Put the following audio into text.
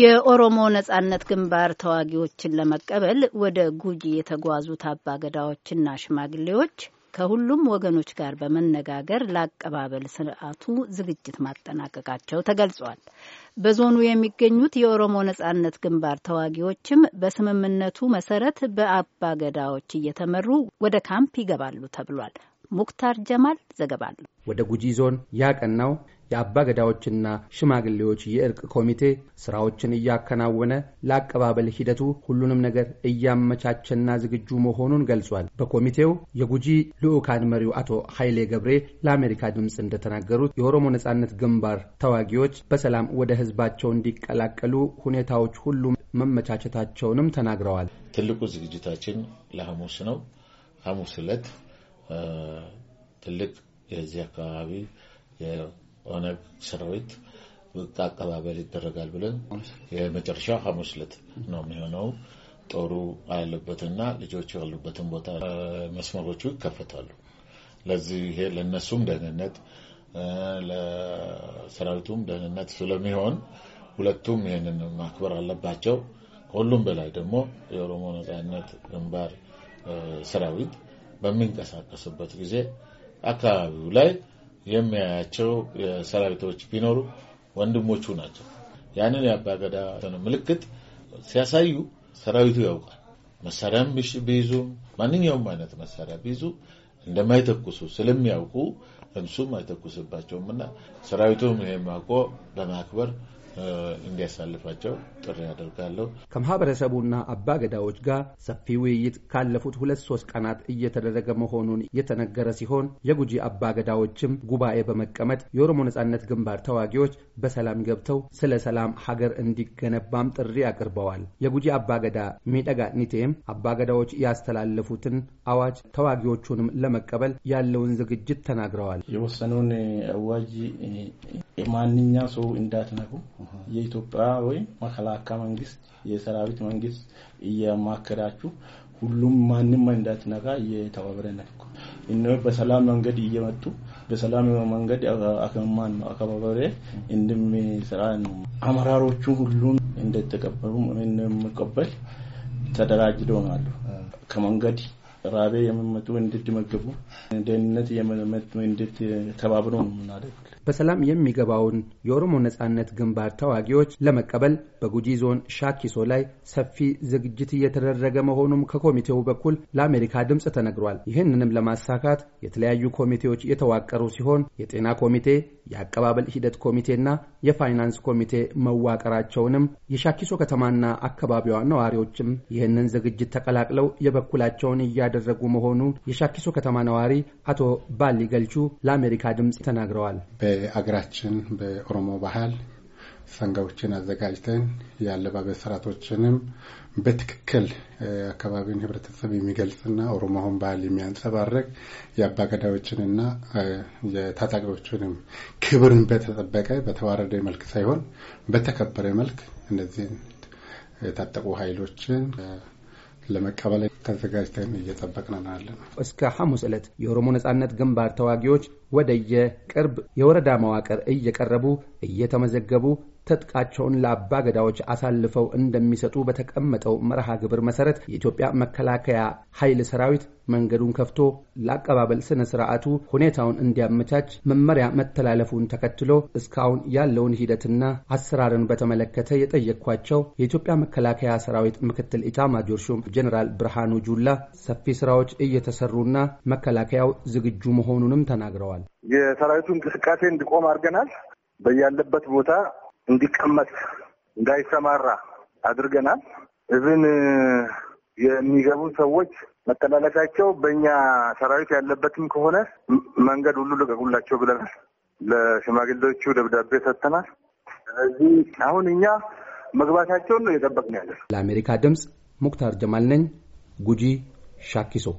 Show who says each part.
Speaker 1: የኦሮሞ ነጻነት ግንባር ተዋጊዎችን ለመቀበል ወደ ጉጂ የተጓዙት አባገዳዎችና ሽማግሌዎች ከሁሉም ወገኖች ጋር በመነጋገር ለአቀባበል ስርዓቱ ዝግጅት ማጠናቀቃቸው ተገልጿል። በዞኑ የሚገኙት የኦሮሞ ነጻነት ግንባር ተዋጊዎችም በስምምነቱ መሰረት በአባገዳዎች እየተመሩ ወደ ካምፕ ይገባሉ ተብሏል። ሙክታር ጀማል ዘገባለሁ። ወደ ጉጂ ዞን ያቀናው የአባ ገዳዎችና ሽማግሌዎች የእርቅ ኮሚቴ ስራዎችን እያከናወነ ለአቀባበል ሂደቱ ሁሉንም ነገር እያመቻቸና ዝግጁ መሆኑን ገልጿል። በኮሚቴው የጉጂ ልዑካን መሪው አቶ ኃይሌ ገብሬ ለአሜሪካ ድምፅ እንደተናገሩት የኦሮሞ ነጻነት ግንባር ተዋጊዎች በሰላም ወደ ህዝባቸው እንዲቀላቀሉ ሁኔታዎች ሁሉ መመቻቸታቸውንም ተናግረዋል። ትልቁ ዝግጅታችን
Speaker 2: ለሐሙስ ነው። ሐሙስ ዕለት ትልቅ የዚህ አካባቢ ኦነግ ሰራዊት አቀባበል ይደረጋል ብለን የመጨረሻው ሐሙስ ዕለት ነው የሚሆነው። ጦሩ ያለበትና ልጆች ያሉበትን ቦታ መስመሮቹ ይከፈታሉ። ለዚህ ይሄ ለእነሱም ደህንነት ለሰራዊቱም ደህንነት ስለሚሆን ሁለቱም ይህንን ማክበር አለባቸው። ከሁሉም በላይ ደግሞ የኦሮሞ ነጻነት ግንባር ሰራዊት በሚንቀሳቀስበት ጊዜ አካባቢው ላይ የሚያያቸው የሰራዊቶች ቢኖሩ ወንድሞቹ ናቸው። ያንን የአባገዳ ምልክት ሲያሳዩ ሰራዊቱ ያውቃል። መሳሪያም ቢይዙ ማንኛውም አይነት መሳሪያ ቢይዙ እንደማይተኩሱ ስለሚያውቁ እንሱም አይተኩስባቸውም እና ሰራዊቱም ይሄ አውቆ በማክበር እንዲያሳልፋቸው ጥሪ አደርጋለሁ።
Speaker 1: ከማህበረሰቡና አባገዳዎች ጋር ሰፊ ውይይት ካለፉት ሁለት ሶስት ቀናት እየተደረገ መሆኑን የተነገረ ሲሆን የጉጂ አባገዳዎችም ጉባኤ በመቀመጥ የኦሮሞ ነጻነት ግንባር ተዋጊዎች በሰላም ገብተው ስለ ሰላም ሀገር እንዲገነባም ጥሪ አቅርበዋል። የጉጂ አባገዳ ሚጠጋ ኒቴም አባገዳዎች ያስተላለፉትን አዋጅ ተዋጊዎቹንም ለመቀበል ያለውን ዝግጅት ተናግረዋል። የወሰነውን አዋጅ ማንኛ ሰው እንዳትነኩ የኢትዮጵያ ወይ
Speaker 2: መከላ የመከላከያ መንግስት፣ የሰራዊት መንግስት እያማከራችሁ ሁሉም ማንም እንዳትነካ እየተባበረን እነ በሰላም መንገድ እየመጡ በሰላም መንገድ አከማን ነው አከባበሬ እንደሚሰራ ነው። አመራሮቹ ሁሉም እንደተቀበሉ እንደሚቀበል ተደራጅተው ነው አሉ ከመንገድ
Speaker 1: ራቤ የሚመጡ እንድትመገቡ ደህንነት የመመት እንድት ነው የምናደርግ በሰላም የሚገባውን የኦሮሞ ነጻነት ግንባር ተዋጊዎች ለመቀበል በጉጂ ዞን ሻኪሶ ላይ ሰፊ ዝግጅት እየተደረገ መሆኑም ከኮሚቴው በኩል ለአሜሪካ ድምፅ ተነግሯል። ይህንንም ለማሳካት የተለያዩ ኮሚቴዎች የተዋቀሩ ሲሆን የጤና ኮሚቴ፣ የአቀባበል ሂደት ኮሚቴና የፋይናንስ ኮሚቴ መዋቀራቸውንም የሻኪሶ ከተማና አካባቢዋ ነዋሪዎችም ይህንን ዝግጅት ተቀላቅለው የበኩላቸውን እያደረጉ መሆኑ የሻኪሶ ከተማ ነዋሪ አቶ ባሊ ገልቹ ለአሜሪካ ድምፅ ተናግረዋል። በአገራችን በኦሮሞ ባህል ሰንጋዎችን አዘጋጅተን የአለባበስ ስርዓቶችንም በትክክል አካባቢውን ህብረተሰብ የሚገልጽና ኦሮሞውን ባህል የሚያንጸባረቅ የአባገዳዮችንና የታጣቂዎችንም ክብርን በተጠበቀ በተዋረደ መልክ ሳይሆን በተከበረ መልክ እነዚህን የታጠቁ ኃይሎችን ለመቀበል ተዘጋጅተን እየጠበቅን አለ ነው። እስከ ሐሙስ ዕለት የኦሮሞ ነጻነት ግንባር ተዋጊዎች ወደየቅርብ የወረዳ መዋቅር እየቀረቡ እየተመዘገቡ ትጥቃቸውን ለአባ ገዳዎች አሳልፈው እንደሚሰጡ በተቀመጠው መርሃ ግብር መሰረት የኢትዮጵያ መከላከያ ኃይል ሰራዊት መንገዱን ከፍቶ ለአቀባበል ስነ ስርዓቱ ሁኔታውን እንዲያመቻች መመሪያ መተላለፉን ተከትሎ እስካሁን ያለውን ሂደትና አሰራርን በተመለከተ የጠየቅኳቸው የኢትዮጵያ መከላከያ ሰራዊት ምክትል ኢታማጆር ሹም ጀኔራል ብርሃኑ ጁላ ሰፊ ስራዎች እየተሰሩና መከላከያው ዝግጁ መሆኑንም ተናግረዋል። የሰራዊቱ እንቅስቃሴ እንዲቆም አድርገናል። በያለበት ቦታ እንዲቀመጥ እንዳይሰማራ አድርገናል። እብን የሚገቡ ሰዎች መተላለፊያቸው በእኛ ሰራዊት ያለበትም ከሆነ መንገድ ሁሉ ልቀቁላቸው ብለናል። ለሽማግሌዎቹ ደብዳቤ ሰጥተናል። ስለዚህ አሁን እኛ መግባታቸውን ነው እየጠበቅን ያለን። ለአሜሪካ ድምፅ ሙክታር ጀማል ነኝ፣ ጉጂ ሻኪሶ